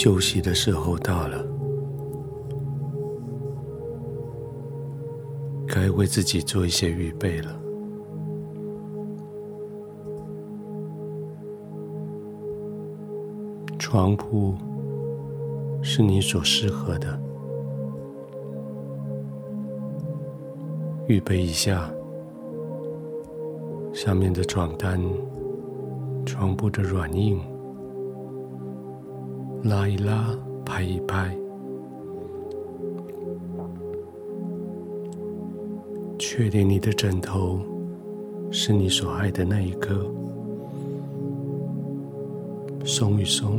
休息的時候到了，該為自己做一些預備了。床鋪是你所適合的，預備一下，上面的床單、床鋪的軟硬。拉一拉，拍一拍，確定你的枕頭是你所愛的那一顆。鬆一鬆，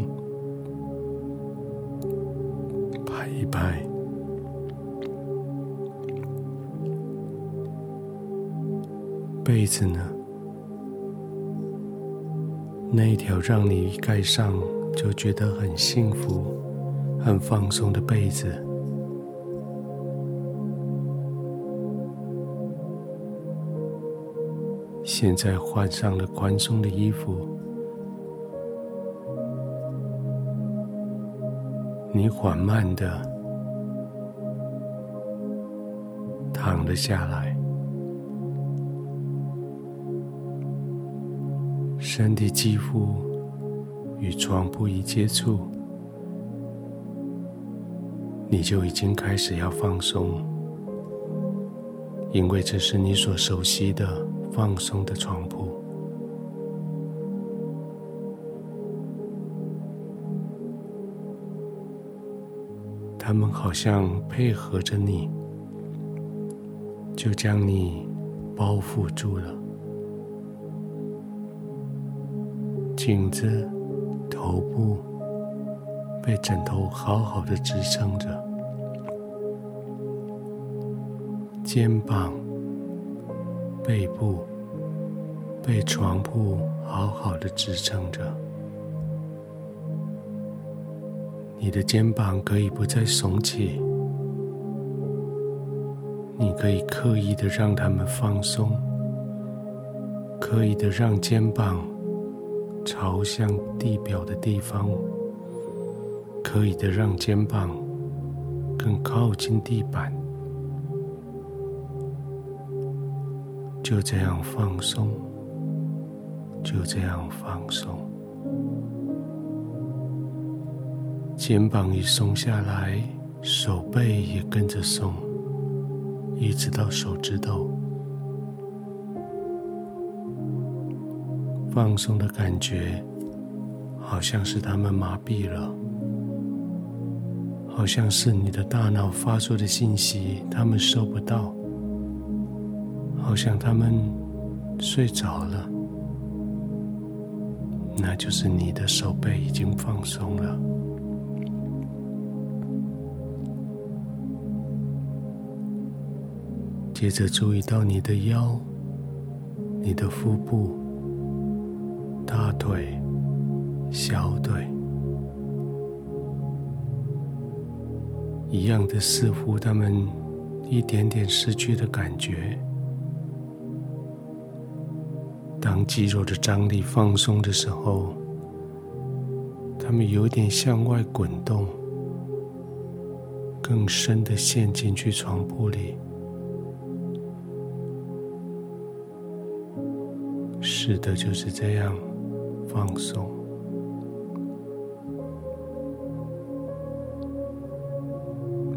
拍一拍，被子呢？那一條讓你蓋上。就覺得很幸福、很放鬆的被子。現在換上了寬鬆的衣服，你緩慢地躺了下來，身體幾乎。與床鋪一接觸，你就已經開始要放鬆，因為這是你所熟悉的放鬆的床鋪。他們好像配合着你，就將你包覆住了，緊着。頭部被枕頭好好的支撐着，肩膀、背部被床鋪好好的支撐着。你的肩膀可以不再聳起，你可以刻意的讓它們放鬆，刻意的讓肩膀。朝向地表的地方，可以的讓肩膀更靠近地板，就這樣放鬆，就這樣放鬆。肩膀一鬆下來，手背也跟着鬆，一直到手指頭。放鬆的感覺，好像是他們麻痹了，好像是你的大腦發出的信息，他們收不到，好像他們睡着了，那就是你的手背已經放鬆了。接着注意到你的腰，你的腹部。大腿、小腿一樣的，似乎他們一點點失去的感覺。當肌肉的張力放鬆的時候，他們有點向外滾動，更深的陷進去床鋪裡。是的，就是這樣。放鬆，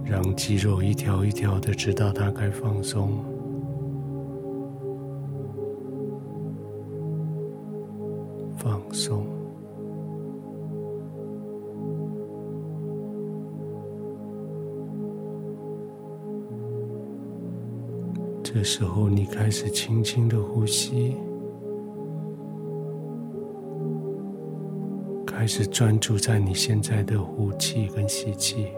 讓肌肉一條一條的知道它該放鬆。放鬆。這時候，你開始輕輕的呼吸。開始專注在你現在的呼氣跟吸氣，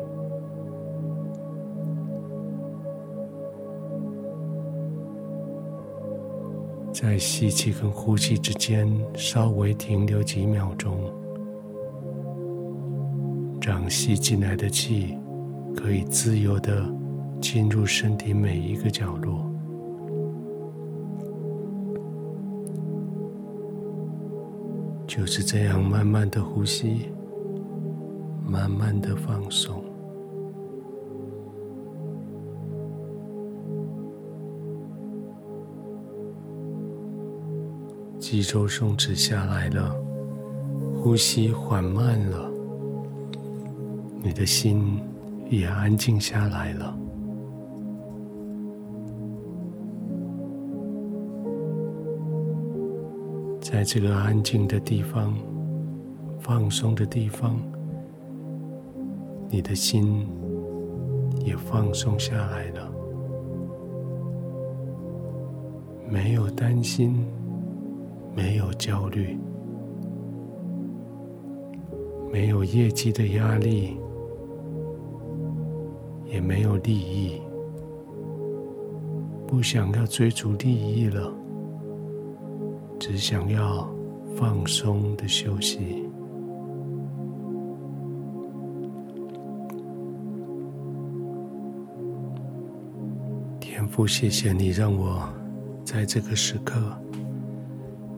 在吸氣跟呼氣之間稍微停留幾秒鐘，讓吸進來的氣可以自由地進入身體每一個角落。就是這樣，慢慢的呼吸，慢慢的放鬆。肌肉鬆弛下來了，呼吸緩慢了，你的心也安靜下來了。在這個安靜的地方，放鬆的地方，你的心也放鬆下來了，沒有擔心，沒有焦慮，沒有業績的壓力，也沒有利益，不想要追逐利益了。只想要放鬆的休息。天父，謝謝你讓我在這個時刻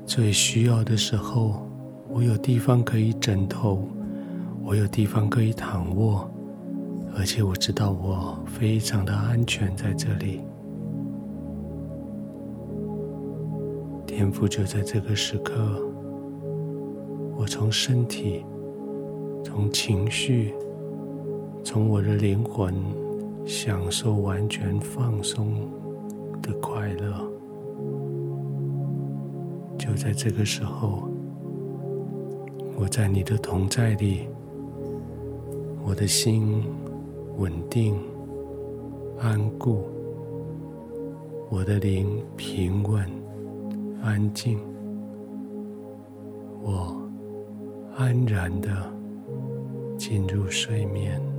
最需要的時候，我有地方可以枕頭，我有地方可以躺臥，而且我知道我非常的安全在這裡。天父，就在這個時刻，我從身體、從情緒、從我的靈魂，享受完全放鬆的快樂。就在這個時候，我在你的同在裡，我的心穩定安固，我的靈平穩。安靜，我安然地進入睡眠。